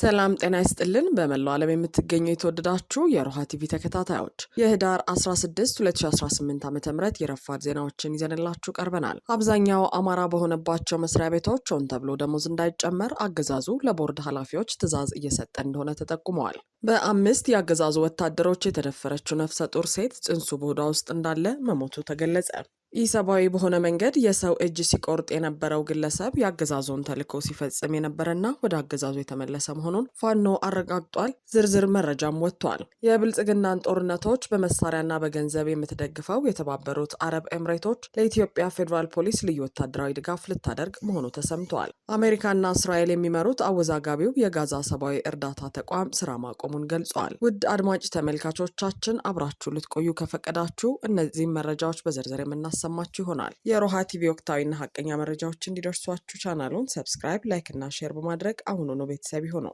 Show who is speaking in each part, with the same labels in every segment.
Speaker 1: ሰላም ጤና ይስጥልን። በመላው ዓለም የምትገኙ የተወደዳችሁ የሮሃ ቲቪ ተከታታዮች የህዳር 16 2018 ዓ ም የረፋድ ዜናዎችን ይዘንላችሁ ቀርበናል። አብዛኛው አማራ በሆነባቸው መስሪያ ቤቶች ሆን ተብሎ ደሞዝ እንዳይጨመር አገዛዙ ለቦርድ ኃላፊዎች ትዕዛዝ እየሰጠ እንደሆነ ተጠቁመዋል። በአምስት የአገዛዙ ወታደሮች የተደፈረችው ነፍሰ ጡር ሴት ጽንሱ በሆዷ ውስጥ እንዳለ መሞቱ ተገለጸ። ኢሰብአዊ በሆነ መንገድ የሰው እጅ ሲቆርጥ የነበረው ግለሰብ የአገዛዙን ተልዕኮ ሲፈጽም የነበረና ወደ አገዛዙ የተመለሰ መሆኑን ፋኖ አረጋግጧል። ዝርዝር መረጃም ወጥቷል። የብልጽግናን ጦርነቶች በመሳሪያና በገንዘብ የምትደግፈው የተባበሩት አረብ ኤምሬቶች ለኢትዮጵያ ፌዴራል ፖሊስ ልዩ ወታደራዊ ድጋፍ ልታደርግ መሆኑ ተሰምቷል። አሜሪካና እስራኤል የሚመሩት አወዛጋቢው የጋዛ ሰብአዊ እርዳታ ተቋም ስራ ማቆሙን ገልጿል። ውድ አድማጭ ተመልካቾቻችን አብራችሁ ልትቆዩ ከፈቀዳችሁ እነዚህም መረጃዎች በዝርዝር የምናሳ የምናሰማችሁ ይሆናል። የሮሃ ቲቪ ወቅታዊና ሀቀኛ መረጃዎች እንዲደርሷችሁ ቻናሉን ሰብስክራይብ፣ ላይክ እና ሼር በማድረግ አሁኑኑ ቤተሰብ ይሁኑ።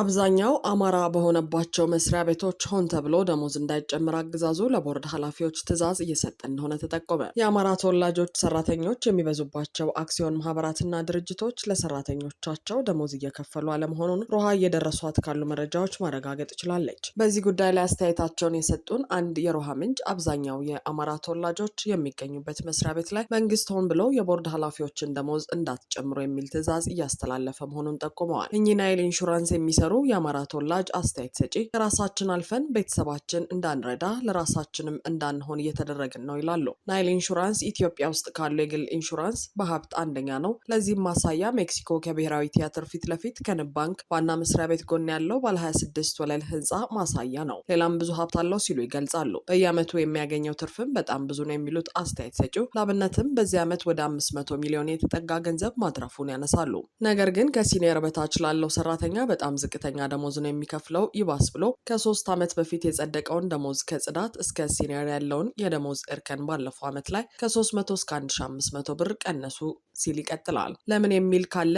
Speaker 1: አብዛኛው አማራ በሆነባቸው መስሪያ ቤቶች ሆን ተብሎ ደሞዝ እንዳይጨምር አገዛዙ ለቦርድ ኃላፊዎች ትዕዛዝ እየሰጠ እንደሆነ ተጠቆመ። የአማራ ተወላጆች ሰራተኞች የሚበዙባቸው አክሲዮን ማህበራትና ድርጅቶች ለሰራተኞቻቸው ደሞዝ እየከፈሉ አለመሆኑን ሮሃ እየደረሷት ካሉ መረጃዎች ማረጋገጥ ችላለች። በዚህ ጉዳይ ላይ አስተያየታቸውን የሰጡን አንድ የሮሃ ምንጭ አብዛኛው የአማራ ተወላጆች የሚገኙበት መስሪያ ቤት ላይ መንግስት ሆን ብሎ የቦርድ ኃላፊዎችን ደሞዝ እንዳትጨምሩ የሚል ትዕዛዝ እያስተላለፈ መሆኑን ጠቁመዋል። እኚህ ናይል ኢንሹራንስ የሚሰ የሚሰሩ የአማራ ተወላጅ አስተያየት ሰጪ ከራሳችን አልፈን ቤተሰባችን እንዳንረዳ ለራሳችንም እንዳንሆን እየተደረግን ነው ይላሉ። ናይል ኢንሹራንስ ኢትዮጵያ ውስጥ ካሉ የግል ኢንሹራንስ በሀብት አንደኛ ነው። ለዚህም ማሳያ ሜክሲኮ ከብሔራዊ ቲያትር ፊት ለፊት ከንብ ባንክ ዋና መስሪያ ቤት ጎን ያለው ባለ 26 ወለል ህንፃ ማሳያ ነው። ሌላም ብዙ ሀብት አለው ሲሉ ይገልጻሉ። በየአመቱ የሚያገኘው ትርፍም በጣም ብዙ ነው የሚሉት አስተያየት ሰጪው ለአብነትም በዚህ ዓመት ወደ 500 ሚሊዮን የተጠጋ ገንዘብ ማትረፉን ያነሳሉ። ነገር ግን ከሲኒየር በታች ላለው ሰራተኛ በጣም ዝቅ ዝቅተኛ ደሞዝ ነው የሚከፍለው። ይባስ ብሎ ከሶስት ዓመት በፊት የጸደቀውን ደሞዝ ከጽዳት እስከ ሲኒየር ያለውን የደሞዝ እርከን ባለፈው ዓመት ላይ ከ300 እስከ 1500 ብር ቀነሱ ሲል ይቀጥላል። ለምን የሚል ካለ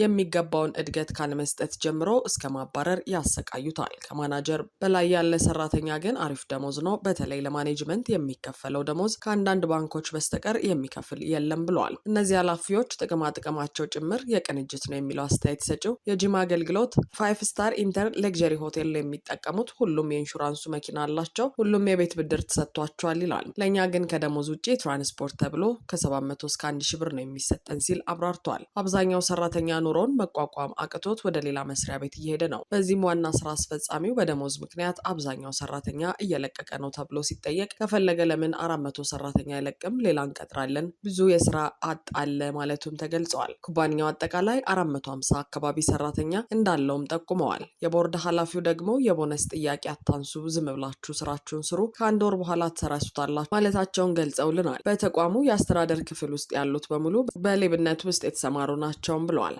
Speaker 1: የሚገባውን እድገት ካለመስጠት ጀምሮ እስከ ማባረር ያሰቃዩታል። ከማናጀር በላይ ያለ ሰራተኛ ግን አሪፍ ደሞዝ ነው። በተለይ ለማኔጅመንት የሚከፈለው ደሞዝ ከአንዳንድ ባንኮች በስተቀር የሚከፍል የለም ብሏል። እነዚህ ኃላፊዎች ጥቅማ ጥቅማቸው ጭምር የቅንጅት ነው የሚለው አስተያየት ሰጪው የጂማ አገልግሎት አገልግሎት ፋይፍ ስታር ኢንተር ሌግጀሪ ሆቴል የሚጠቀሙት ሁሉም የኢንሹራንሱ መኪና አላቸው። ሁሉም የቤት ብድር ተሰጥቷቸዋል ይላል። ለእኛ ግን ከደሞዝ ውጭ ትራንስፖርት ተብሎ ከ700 እስከ 1 ሺ ብር ነው የሚሰጠን ሲል አብራርቷል። አብዛኛው ሰራተኛ ኑሮውን መቋቋም አቅቶት ወደ ሌላ መስሪያ ቤት እየሄደ ነው። በዚህም ዋና ስራ አስፈጻሚው በደሞዝ ምክንያት አብዛኛው ሰራተኛ እየለቀቀ ነው ተብሎ ሲጠየቅ ከፈለገ ለምን አራት መቶ ሰራተኛ አይለቅም? ሌላ እንቀጥራለን፣ ብዙ የስራ አጥ አለ ማለቱም ተገልጸዋል። ኩባንያው አጠቃላይ 450 አካባቢ ሰራተኛ እንዳ እንዳለውም ጠቁመዋል። የቦርድ ኃላፊው ደግሞ የቦነስ ጥያቄ አታንሱ፣ ዝም ብላችሁ ስራችሁን ስሩ፣ ከአንድ ወር በኋላ ትሰረሱታላችሁ ማለታቸውን ገልጸውልናል። በተቋሙ የአስተዳደር ክፍል ውስጥ ያሉት በሙሉ በሌብነት ውስጥ የተሰማሩ ናቸውም ብለዋል።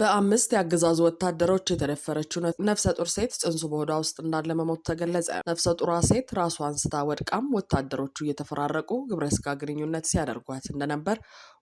Speaker 1: በአምስት የአገዛዙ ወታደሮች የተደፈረችው ነፍሰ ጡር ሴት ጽንሱ በሆዷ ውስጥ እንዳለ መሞት ተገለጸ። ነፍሰ ጡሯ ሴት ራሷ አንስታ ወድቃም ወታደሮቹ እየተፈራረቁ ግብረ ስጋ ግንኙነት ሲያደርጓት እንደነበር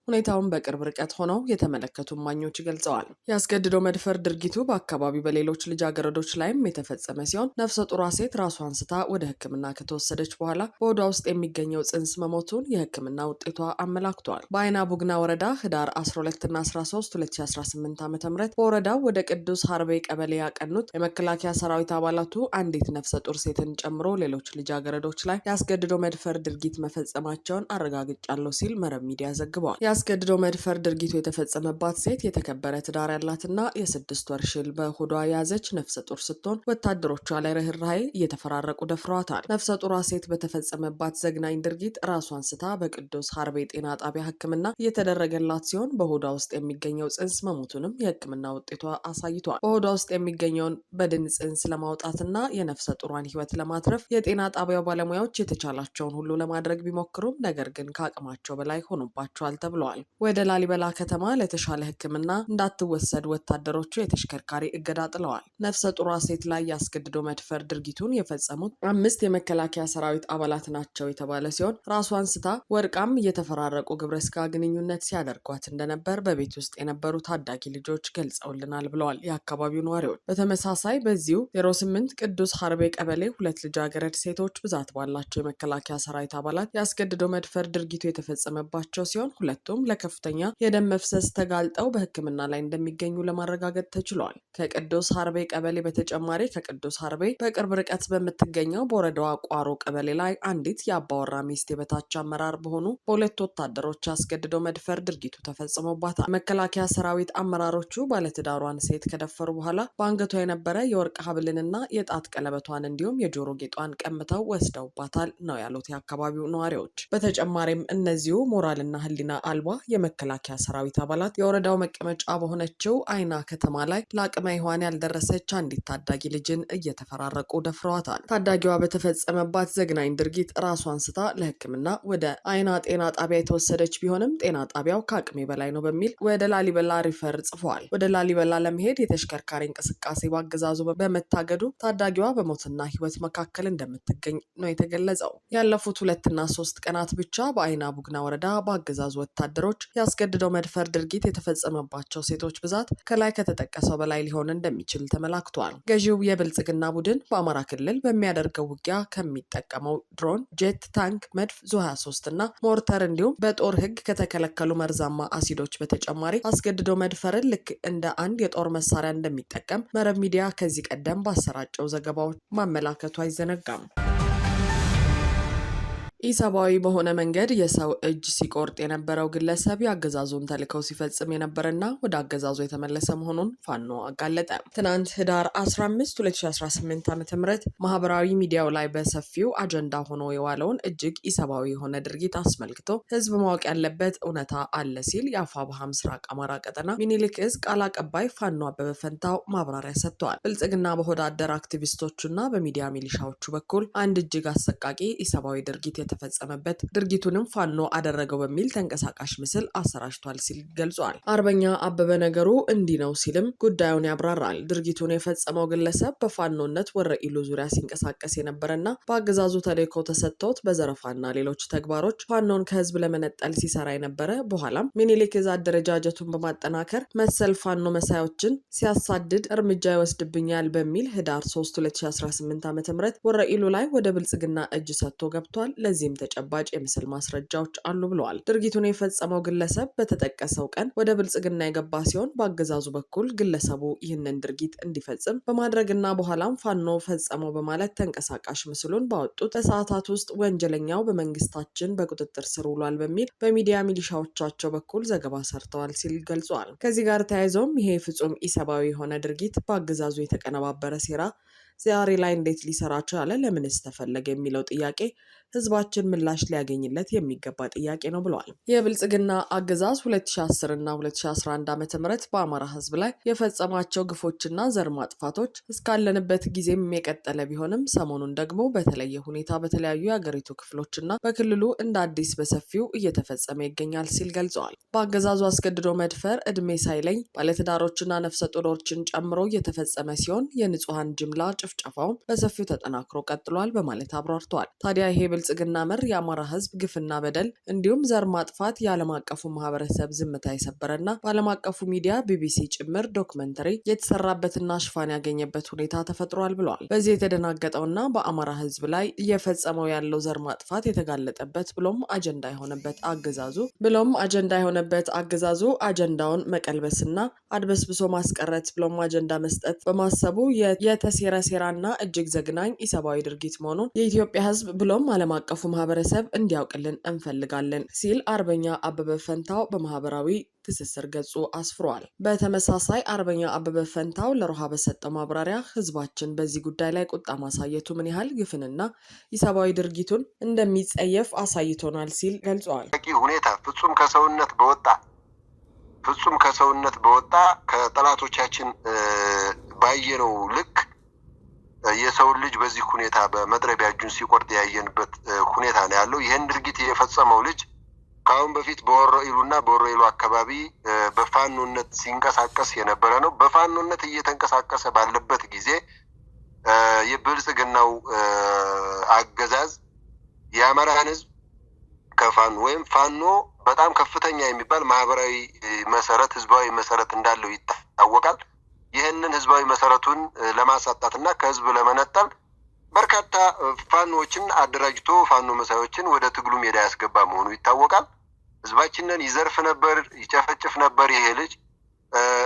Speaker 1: ሁኔታውን በቅርብ ርቀት ሆነው የተመለከቱ እማኞች ገልጸዋል። ያስገድደው መድፈር ድርጊቱ በአካባቢው በሌሎች ልጃገረዶች ላይም የተፈጸመ ሲሆን ነፍሰ ጡሯ ሴት ራሷ አንስታ ወደ ሕክምና ከተወሰደች በኋላ በሆዷ ውስጥ የሚገኘው ጽንስ መሞቱን የሕክምና ውጤቷ አመላክቷል። በአይና ቡግና ወረዳ ህዳር 12ና 13 2018 ዓ ም በወረዳው ወደ ቅዱስ ሀርቤ ቀበሌ ያቀኑት የመከላከያ ሰራዊት አባላቱ አንዲት ነፍሰ ጡር ሴትን ጨምሮ ሌሎች ልጃገረዶች ላይ ያስገድደው መድፈር ድርጊት መፈጸማቸውን አረጋግጫለሁ ሲል መረብ ሚዲያ ዘግበዋል። አስገድዶ መድፈር ድርጊቱ የተፈጸመባት ሴት የተከበረ ትዳር ያላትና የስድስት ወር ሽል በሆዷ የያዘች ነፍሰ ጡር ስትሆን ወታደሮቿ ላይ ርኅራኄ እየተፈራረቁ ደፍረዋታል። ነፍሰ ጡሯ ሴት በተፈጸመባት ዘግናኝ ድርጊት ራሷን ስታ በቅዱስ ሀርቤ ጤና ጣቢያ ሕክምና እየተደረገላት ሲሆን በሆዷ ውስጥ የሚገኘው ጽንስ መሞቱንም የሕክምና ውጤቷ አሳይቷል። በሆዷ ውስጥ የሚገኘውን በድን ጽንስ ለማውጣትና የነፍሰ ጡሯን ሕይወት ለማትረፍ የጤና ጣቢያው ባለሙያዎች የተቻላቸውን ሁሉ ለማድረግ ቢሞክሩም ነገር ግን ከአቅማቸው በላይ ሆኖባቸዋል ተብሏል። ብለዋል። ወደ ላሊበላ ከተማ ለተሻለ ሕክምና እንዳትወሰድ ወታደሮቹ የተሽከርካሪ እገዳ ጥለዋል። ነፍሰ ጡሯ ሴት ላይ ያስገድዶ መድፈር ድርጊቱን የፈጸሙት አምስት የመከላከያ ሰራዊት አባላት ናቸው የተባለ ሲሆን ራሷን ስታ ወድቃም እየተፈራረቁ ግብረ ስጋ ግንኙነት ሲያደርጓት እንደነበር በቤት ውስጥ የነበሩ ታዳጊ ልጆች ገልጸውልናል ብለዋል የአካባቢው ነዋሪዎች። በተመሳሳይ በዚሁ 08 ቅዱስ ሀርቤ ቀበሌ ሁለት ልጃገረድ ሴቶች ብዛት ባላቸው የመከላከያ ሰራዊት አባላት ያስገድዶ መድፈር ድርጊቱ የተፈጸመባቸው ሲሆን ሁለቱም እንዲሁም ለከፍተኛ የደም መፍሰስ ተጋልጠው በሕክምና ላይ እንደሚገኙ ለማረጋገጥ ተችሏል። ከቅዱስ ሀርቤ ቀበሌ በተጨማሪ ከቅዱስ ሀርቤ በቅርብ ርቀት በምትገኘው በወረዳዋ ቋሮ ቀበሌ ላይ አንዲት የአባወራ ሚስት የበታች አመራር በሆኑ በሁለት ወታደሮች አስገድደው መድፈር ድርጊቱ ተፈጽሞባታል። መከላከያ ሰራዊት አመራሮቹ ባለትዳሯን ሴት ከደፈሩ በኋላ በአንገቷ የነበረ የወርቅ ሀብልንና የጣት ቀለበቷን እንዲሁም የጆሮ ጌጧን ቀምተው ወስደውባታል ነው ያሉት የአካባቢው ነዋሪዎች። በተጨማሪም እነዚሁ ሞራልና ህሊና አልቦ አልባ የመከላከያ ሰራዊት አባላት የወረዳው መቀመጫ በሆነችው አይና ከተማ ላይ ለአቅመ ሔዋን ያልደረሰች አንዲት ታዳጊ ልጅን እየተፈራረቁ ደፍረዋታል። ታዳጊዋ በተፈጸመባት ዘግናኝ ድርጊት ራሷን ስታ ለሕክምና ወደ አይና ጤና ጣቢያ የተወሰደች ቢሆንም ጤና ጣቢያው ከአቅሜ በላይ ነው በሚል ወደ ላሊበላ ሪፈር ጽፏል። ወደ ላሊበላ ለመሄድ የተሽከርካሪ እንቅስቃሴ በአገዛዙ በመታገዱ ታዳጊዋ በሞትና ሕይወት መካከል እንደምትገኝ ነው የተገለጸው። ያለፉት ሁለትና ሶስት ቀናት ብቻ በአይና ቡግና ወረዳ በአገዛዙ ወታደ ወታደሮች ያስገድደው መድፈር ድርጊት የተፈጸመባቸው ሴቶች ብዛት ከላይ ከተጠቀሰው በላይ ሊሆን እንደሚችል ተመላክቷል። ገዢው የብልጽግና ቡድን በአማራ ክልል በሚያደርገው ውጊያ ከሚጠቀመው ድሮን፣ ጄት፣ ታንክ፣ መድፍ፣ ዙ 23 እና ሞርተር እንዲሁም በጦር ህግ ከተከለከሉ መርዛማ አሲዶች በተጨማሪ አስገድዶ መድፈርን ልክ እንደ አንድ የጦር መሳሪያ እንደሚጠቀም መረብ ሚዲያ ከዚህ ቀደም ባሰራጨው ዘገባዎች ማመላከቱ አይዘነጋም። ኢሰብአዊ በሆነ መንገድ የሰው እጅ ሲቆርጥ የነበረው ግለሰብ የአገዛዙን ተልከው ሲፈጽም የነበረና ወደ አገዛዙ የተመለሰ መሆኑን ፋኖ አጋለጠ። ትናንት ህዳር 15 2018 ዓ ም ማህበራዊ ሚዲያው ላይ በሰፊው አጀንዳ ሆኖ የዋለውን እጅግ ኢሰብአዊ የሆነ ድርጊት አስመልክቶ ህዝብ ማወቅ ያለበት እውነታ አለ ሲል የአፋብሃ ምስራቅ አማራ ቀጠና ሚኒሊክ እዝ ቃል አቀባይ ፋኖ አበበ ፈንታው ማብራሪያ ሰጥተዋል። ብልጽግና በሆዳደር አክቲቪስቶቹና በሚዲያ ሚሊሻዎቹ በኩል አንድ እጅግ አሰቃቂ ኢሰብአዊ ድርጊት የተፈጸመበት ድርጊቱንም ፋኖ አደረገው በሚል ተንቀሳቃሽ ምስል አሰራጅቷል ሲል ገልጿል። አርበኛ አበበ ነገሩ እንዲህ ነው ሲልም ጉዳዩን ያብራራል። ድርጊቱን የፈጸመው ግለሰብ በፋኖነት ወረኢሉ ዙሪያ ሲንቀሳቀስ የነበረና በአገዛዙ ተልዕኮ ተሰጥቶት በዘረፋና ሌሎች ተግባሮች ፋኖን ከህዝብ ለመነጠል ሲሰራ የነበረ በኋላም ሚኒሊክ የዛ አደረጃጀቱን በማጠናከር መሰል ፋኖ መሳዮችን ሲያሳድድ እርምጃ ይወስድብኛል በሚል ህዳር 3 2018 ዓ ም ወረኢሉ ላይ ወደ ብልጽግና እጅ ሰጥቶ ገብቷል። ለዚህም ተጨባጭ የምስል ማስረጃዎች አሉ ብለዋል። ድርጊቱን የፈጸመው ግለሰብ በተጠቀሰው ቀን ወደ ብልጽግና የገባ ሲሆን በአገዛዙ በኩል ግለሰቡ ይህንን ድርጊት እንዲፈጽም በማድረግና በኋላም ፋኖ ፈጸመው በማለት ተንቀሳቃሽ ምስሉን ባወጡት በሰዓታት ውስጥ ወንጀለኛው በመንግስታችን በቁጥጥር ስር ውሏል በሚል በሚዲያ ሚሊሻዎቻቸው በኩል ዘገባ ሰርተዋል ሲል ገልጿል። ከዚህ ጋር ተያይዘውም ይሄ ፍጹም ኢሰብአዊ የሆነ ድርጊት በአገዛዙ የተቀነባበረ ሴራ ዛሬ ላይ እንዴት ሊሰራ ቻለ? ለምንስ ተፈለገ? የሚለው ጥያቄ ህዝባችን ምላሽ ሊያገኝለት የሚገባ ጥያቄ ነው ብለዋል። የብልጽግና አገዛዝ 2010 እና 2011 ዓ ም በአማራ ህዝብ ላይ የፈጸማቸው ግፎችና ዘር ማጥፋቶች እስካለንበት ጊዜም የቀጠለ ቢሆንም ሰሞኑን ደግሞ በተለየ ሁኔታ በተለያዩ የአገሪቱ ክፍሎችና በክልሉ እንደ አዲስ በሰፊው እየተፈጸመ ይገኛል ሲል ገልጸዋል። በአገዛዙ አስገድዶ መድፈር እድሜ ሳይለኝ ባለትዳሮችና ነፍሰ ጡሮችን ጨምሮ እየተፈጸመ ሲሆን የንጹሐን ጅምላ ጭፍጨፋውም በሰፊው ተጠናክሮ ቀጥሏል በማለት አብራርተዋል። ታዲያ ይሄ የብልጽግና መር የአማራ ህዝብ ግፍና በደል እንዲሁም ዘር ማጥፋት የዓለም አቀፉ ማህበረሰብ ዝምታ የሰበረና በዓለም አቀፉ ሚዲያ ቢቢሲ ጭምር ዶክመንተሪ የተሰራበትና ሽፋን ያገኘበት ሁኔታ ተፈጥሯል ብለዋል። በዚህ የተደናገጠውና በአማራ ህዝብ ላይ እየፈጸመው ያለው ዘር ማጥፋት የተጋለጠበት ብሎም አጀንዳ የሆነበት አገዛዙ ብሎም አጀንዳ የሆነበት አገዛዙ አጀንዳውን መቀልበስና አድበስብሶ ማስቀረት ብሎም አጀንዳ መስጠት በማሰቡ የተሴረ ሴራና እጅግ ዘግናኝ ኢሰብአዊ ድርጊት መሆኑን የኢትዮጵያ ህዝብ ብሎም አለ ዓለም አቀፉ ማህበረሰብ እንዲያውቅልን እንፈልጋለን ሲል አርበኛ አበበ ፈንታው በማህበራዊ ትስስር ገጹ አስፍሯል። በተመሳሳይ አርበኛ አበበ ፈንታው ለሮሃ በሰጠው ማብራሪያ ህዝባችን በዚህ ጉዳይ ላይ ቁጣ ማሳየቱ ምን ያህል ግፍንና ኢሰብአዊ ድርጊቱን እንደሚጸየፍ አሳይቶናል ሲል ገልጸዋል። ሁኔታ ፍጹም ከሰውነት በወጣ ፍጹም ከሰውነት በወጣ ከጠላቶቻችን ባየነው ልክ የሰውን ልጅ በዚህ ሁኔታ በመጥረቢያ እጁን ሲቆርጥ ያየንበት ሁኔታ ነው ያለው። ይህን ድርጊት የፈጸመው ልጅ ከአሁን በፊት በወረኢሉና በወረኢሉ አካባቢ በፋኖነት ሲንቀሳቀስ የነበረ ነው። በፋኖነት እየተንቀሳቀሰ ባለበት ጊዜ የብልጽግናው አገዛዝ የአማራን ህዝብ ከፋኖ ወይም ፋኖ በጣም ከፍተኛ የሚባል ማህበራዊ መሰረት፣ ህዝባዊ መሰረት እንዳለው ይታወቃል። ይህንን ህዝባዊ መሰረቱን ለማሳጣትና ከህዝብ ለመነጠል በርካታ ፋኖዎችን አደራጅቶ ፋኖ መሳዮችን ወደ ትግሉ ሜዳ ያስገባ መሆኑ ይታወቃል። ህዝባችንን ይዘርፍ ነበር፣ ይጨፈጭፍ ነበር። ይሄ ልጅ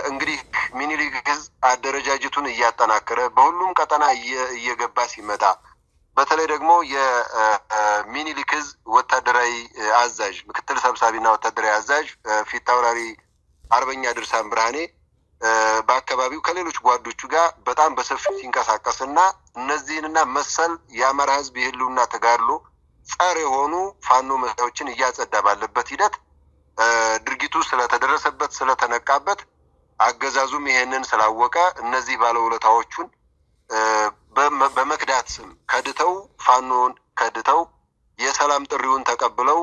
Speaker 1: እንግዲህ ሚኒሊክ ህዝብ አደረጃጀቱን እያጠናከረ በሁሉም ቀጠና እየገባ ሲመጣ በተለይ ደግሞ የሚኒሊክ ህዝ ወታደራዊ አዛዥ ምክትል ሰብሳቢና ወታደራዊ አዛዥ ፊት አርበኛ ድርሳን ብርሃኔ በአካባቢው ከሌሎች ጓዶቹ ጋር በጣም በሰፊው ሲንቀሳቀስ እነዚህንና መሰል የአማራ ህዝብ የህልውና ተጋድሎ ጸር የሆኑ ፋኖ መሳዮችን እያጸዳ ባለበት ሂደት ድርጊቱ ስለተደረሰበት ስለተነቃበት አገዛዙም ይሄንን ስላወቀ እነዚህ ባለውለታዎቹን በመክዳት ስም ከድተው ፋኖን ከድተው የሰላም ጥሪውን ተቀብለው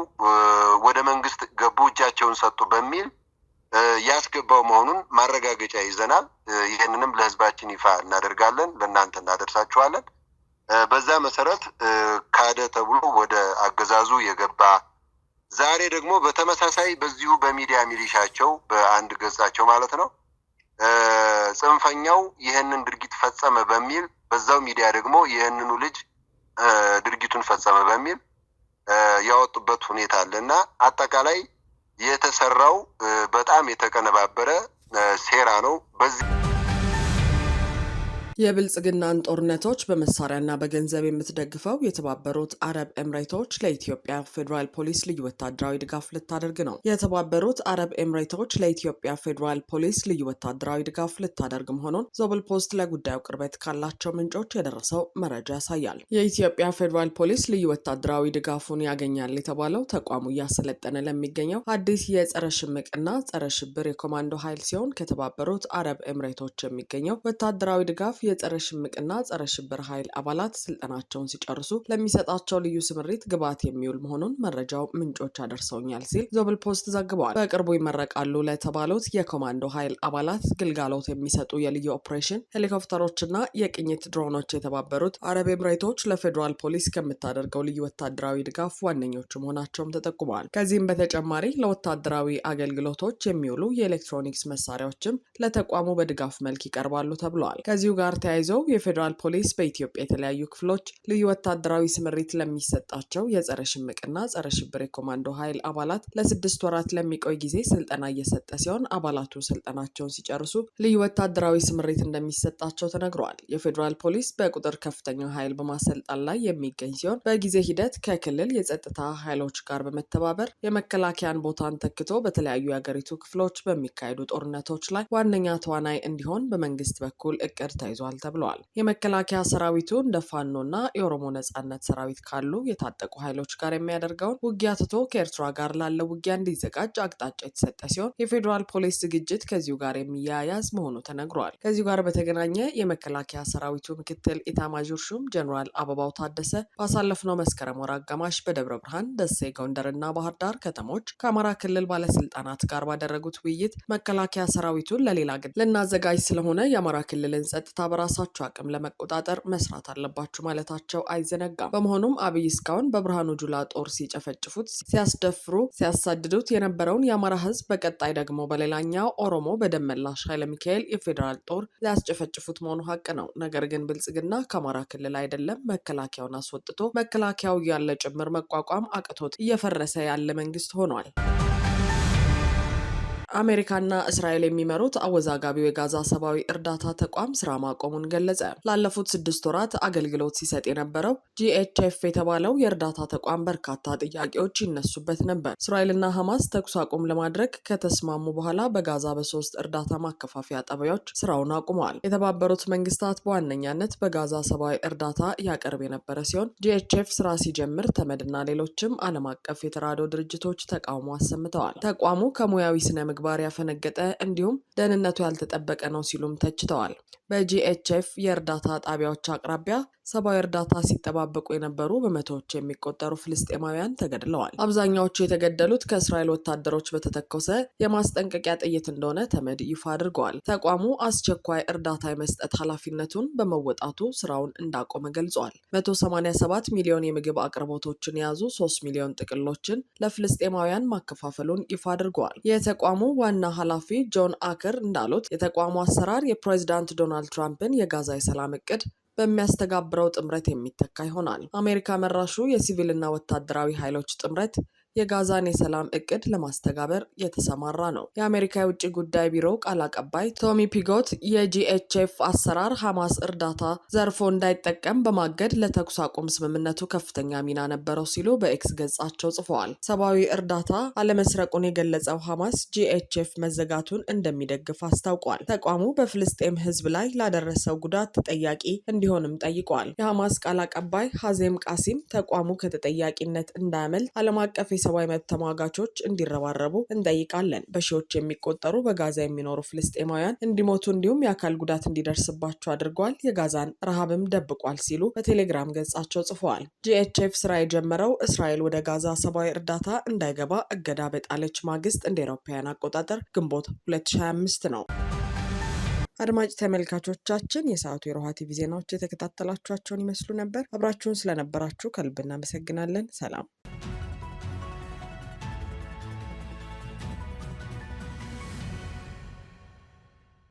Speaker 1: ወደ መንግስት ገቡ፣ እጃቸውን ሰጡ በሚል ያስገባው መሆኑን ማረጋገጫ ይዘናል። ይህንንም ለህዝባችን ይፋ እናደርጋለን፣ ለእናንተ እናደርሳችኋለን። በዛ መሰረት ካደ ተብሎ ወደ አገዛዙ የገባ ዛሬ ደግሞ በተመሳሳይ በዚሁ በሚዲያ ሚሊሻቸው በአንድ ገጻቸው ማለት ነው ጽንፈኛው ይህንን ድርጊት ፈጸመ በሚል በዛው ሚዲያ ደግሞ ይህንኑ ልጅ ድርጊቱን ፈጸመ በሚል ያወጡበት ሁኔታ አለ እና አጠቃላይ የተሰራው በጣም የተቀነባበረ ሴራ ነው። በዚህ የብልጽግናን ጦርነቶች በመሳሪያና በገንዘብ የምትደግፈው የተባበሩት አረብ ኤምሬቶች ለኢትዮጵያ ፌዴራል ፖሊስ ልዩ ወታደራዊ ድጋፍ ልታደርግ ነው። የተባበሩት አረብ ኤምሬቶች ለኢትዮጵያ ፌዴራል ፖሊስ ልዩ ወታደራዊ ድጋፍ ልታደርግ መሆኑን ዞብል ፖስት ለጉዳዩ ቅርበት ካላቸው ምንጮች የደረሰው መረጃ ያሳያል። የኢትዮጵያ ፌዴራል ፖሊስ ልዩ ወታደራዊ ድጋፉን ያገኛል የተባለው ተቋሙ እያሰለጠነ ለሚገኘው አዲስ የጸረ ሽምቅና ጸረ ሽብር የኮማንዶ ኃይል ሲሆን ከተባበሩት አረብ ኤምሬቶች የሚገኘው ወታደራዊ ድጋፍ የጸረ ሽምቅና ጸረ ሽብር ኃይል አባላት ስልጠናቸውን ሲጨርሱ ለሚሰጣቸው ልዩ ስምሪት ግብዓት የሚውል መሆኑን መረጃው ምንጮች አደርሰውኛል ሲል ዞብል ፖስት ዘግቧል። በቅርቡ ይመረቃሉ ለተባሉት የኮማንዶ ኃይል አባላት ግልጋሎት የሚሰጡ የልዩ ኦፕሬሽን ሄሊኮፕተሮችና የቅኝት ድሮኖች የተባበሩት አረብ ኤምሬቶች ለፌዴራል ፖሊስ ከምታደርገው ልዩ ወታደራዊ ድጋፍ ዋነኞቹ መሆናቸውም ተጠቁመዋል። ከዚህም በተጨማሪ ለወታደራዊ አገልግሎቶች የሚውሉ የኤሌክትሮኒክስ መሳሪያዎችም ለተቋሙ በድጋፍ መልክ ይቀርባሉ ተብለዋል። ከዚሁ ጋር ተያይዞ የፌዴራል ፖሊስ በኢትዮጵያ የተለያዩ ክፍሎች ልዩ ወታደራዊ ስምሪት ለሚሰጣቸው የጸረ ሽምቅና ጸረ ሽብር የኮማንዶ ኃይል አባላት ለስድስት ወራት ለሚቆይ ጊዜ ስልጠና እየሰጠ ሲሆን አባላቱ ስልጠናቸውን ሲጨርሱ ልዩ ወታደራዊ ስምሪት እንደሚሰጣቸው ተነግረዋል። የፌዴራል ፖሊስ በቁጥር ከፍተኛ ኃይል በማሰልጣን ላይ የሚገኝ ሲሆን በጊዜ ሂደት ከክልል የጸጥታ ኃይሎች ጋር በመተባበር የመከላከያን ቦታን ተክቶ በተለያዩ የአገሪቱ ክፍሎች በሚካሄዱ ጦርነቶች ላይ ዋነኛ ተዋናይ እንዲሆን በመንግስት በኩል እቅድ ተይዟል። ተይዟል ተብለዋል። የመከላከያ ሰራዊቱ እንደ እና የኦሮሞ ነጻነት ሰራዊት ካሉ የታጠቁ ኃይሎች ጋር የሚያደርገውን ውጊያ ትቶ ከኤርትራ ጋር ላለው ውጊያ እንዲዘጋጅ አቅጣጫ የተሰጠ ሲሆን የፌዴራል ፖሊስ ዝግጅት ከዚሁ ጋር የሚያያዝ መሆኑ ተነግሯል። ከዚሁ ጋር በተገናኘ የመከላከያ ሰራዊቱ ምክትል ኢታማዦር ሹም ጀኔራል አበባው ታደሰ ባሳለፍነው መስከረም ወር አጋማሽ በደብረ ብርሃን፣ ደሴ፣ ጎንደርና ባህር ዳር ከተሞች ከአማራ ክልል ባለስልጣናት ጋር ባደረጉት ውይይት መከላከያ ሰራዊቱን ለሌላ ግድ ልናዘጋጅ ስለሆነ የአማራ ክልልን ጸጥታ በራሳቸው አቅም ለመቆጣጠር መስራት አለባቸው ማለታቸው አይዘነጋም። በመሆኑም አብይ እስካሁን በብርሃኑ ጁላ ጦር ሲጨፈጭፉት፣ ሲያስደፍሩ፣ ሲያሳድዱት የነበረውን የአማራ ህዝብ በቀጣይ ደግሞ በሌላኛው ኦሮሞ በደመላሽ ኃይለ ሚካኤል የፌዴራል ጦር ሊያስጨፈጭፉት መሆኑ ሀቅ ነው። ነገር ግን ብልጽግና ከአማራ ክልል አይደለም መከላከያውን አስወጥቶ መከላከያው ያለ ጭምር መቋቋም አቅቶት እየፈረሰ ያለ መንግስት ሆኗል። አሜሪካና እስራኤል የሚመሩት አወዛጋቢው የጋዛ ሰብአዊ እርዳታ ተቋም ስራ ማቆሙን ገለጸ። ላለፉት ስድስት ወራት አገልግሎት ሲሰጥ የነበረው ጂኤችኤፍ የተባለው የእርዳታ ተቋም በርካታ ጥያቄዎች ይነሱበት ነበር። እስራኤልና ሐማስ ተኩስ አቁም ለማድረግ ከተስማሙ በኋላ በጋዛ በሶስት እርዳታ ማከፋፈያ ጣቢያዎች ስራውን አቁመዋል። የተባበሩት መንግስታት በዋነኛነት በጋዛ ሰብአዊ እርዳታ ያቀርብ የነበረ ሲሆን ጂኤችኤፍ ስራ ሲጀምር ተመድና ሌሎችም ዓለም አቀፍ የተራድኦ ድርጅቶች ተቃውሞ አሰምተዋል። ተቋሙ ከሙያዊ ስነ ምግባር ያፈነገጠ እንዲሁም ደህንነቱ ያልተጠበቀ ነው ሲሉም ተችተዋል። በጂኤችኤፍ የእርዳታ ጣቢያዎች አቅራቢያ ሰብአዊ እርዳታ ሲጠባበቁ የነበሩ በመቶዎች የሚቆጠሩ ፍልስጤማውያን ተገድለዋል። አብዛኛዎቹ የተገደሉት ከእስራኤል ወታደሮች በተተኮሰ የማስጠንቀቂያ ጥይት እንደሆነ ተመድ ይፋ አድርገዋል። ተቋሙ አስቸኳይ እርዳታ የመስጠት ኃላፊነቱን በመወጣቱ ስራውን እንዳቆመ ገልጿል። 187 ሚሊዮን የምግብ አቅርቦቶችን የያዙ 3 ሚሊዮን ጥቅሎችን ለፍልስጤማውያን ማከፋፈሉን ይፋ አድርገዋል። የተቋሙ ዋና ኃላፊ ጆን አክር እንዳሉት የተቋሙ አሰራር የፕሬዚዳንት ዶናልድ የዶናልድ ትራምፕን የጋዛ የሰላም እቅድ በሚያስተጋብረው ጥምረት የሚተካ ይሆናል። አሜሪካ መራሹ የሲቪልና ወታደራዊ ኃይሎች ጥምረት የጋዛን የሰላም እቅድ ለማስተጋበር የተሰማራ ነው። የአሜሪካ የውጭ ጉዳይ ቢሮ ቃል አቀባይ ቶሚ ፒጎት የጂኤችኤፍ አሰራር ሐማስ እርዳታ ዘርፎ እንዳይጠቀም በማገድ ለተኩስ አቁም ስምምነቱ ከፍተኛ ሚና ነበረው ሲሉ በኤክስ ገጻቸው ጽፈዋል። ሰብአዊ እርዳታ አለመስረቁን የገለጸው ሐማስ ጂኤችኤፍ መዘጋቱን እንደሚደግፍ አስታውቋል። ተቋሙ በፍልስጤም ሕዝብ ላይ ላደረሰው ጉዳት ተጠያቂ እንዲሆንም ጠይቋል። የሐማስ ቃል አቀባይ ሐዜም ቃሲም ተቋሙ ከተጠያቂነት እንዳያመልጥ ዓለም አቀፍ የሰብአዊ መብት ተሟጋቾች እንዲረባረቡ እንጠይቃለን። በሺዎች የሚቆጠሩ በጋዛ የሚኖሩ ፍልስጤማውያን እንዲሞቱ እንዲሁም የአካል ጉዳት እንዲደርስባቸው አድርጓል። የጋዛን ረሃብም ደብቋል ሲሉ በቴሌግራም ገጻቸው ጽፈዋል። ጂኤችኤፍ ስራ የጀመረው እስራኤል ወደ ጋዛ ሰብአዊ እርዳታ እንዳይገባ እገዳ በጣለች ማግስት እንደ አውሮፓውያን አቆጣጠር ግንቦት 2025 ነው። አድማጭ ተመልካቾቻችን የሰዓቱ የሮሃ ቲቪ ዜናዎች የተከታተላችኋቸውን ይመስሉ ነበር። አብራችሁን ስለነበራችሁ ከልብ እናመሰግናለን። ሰላም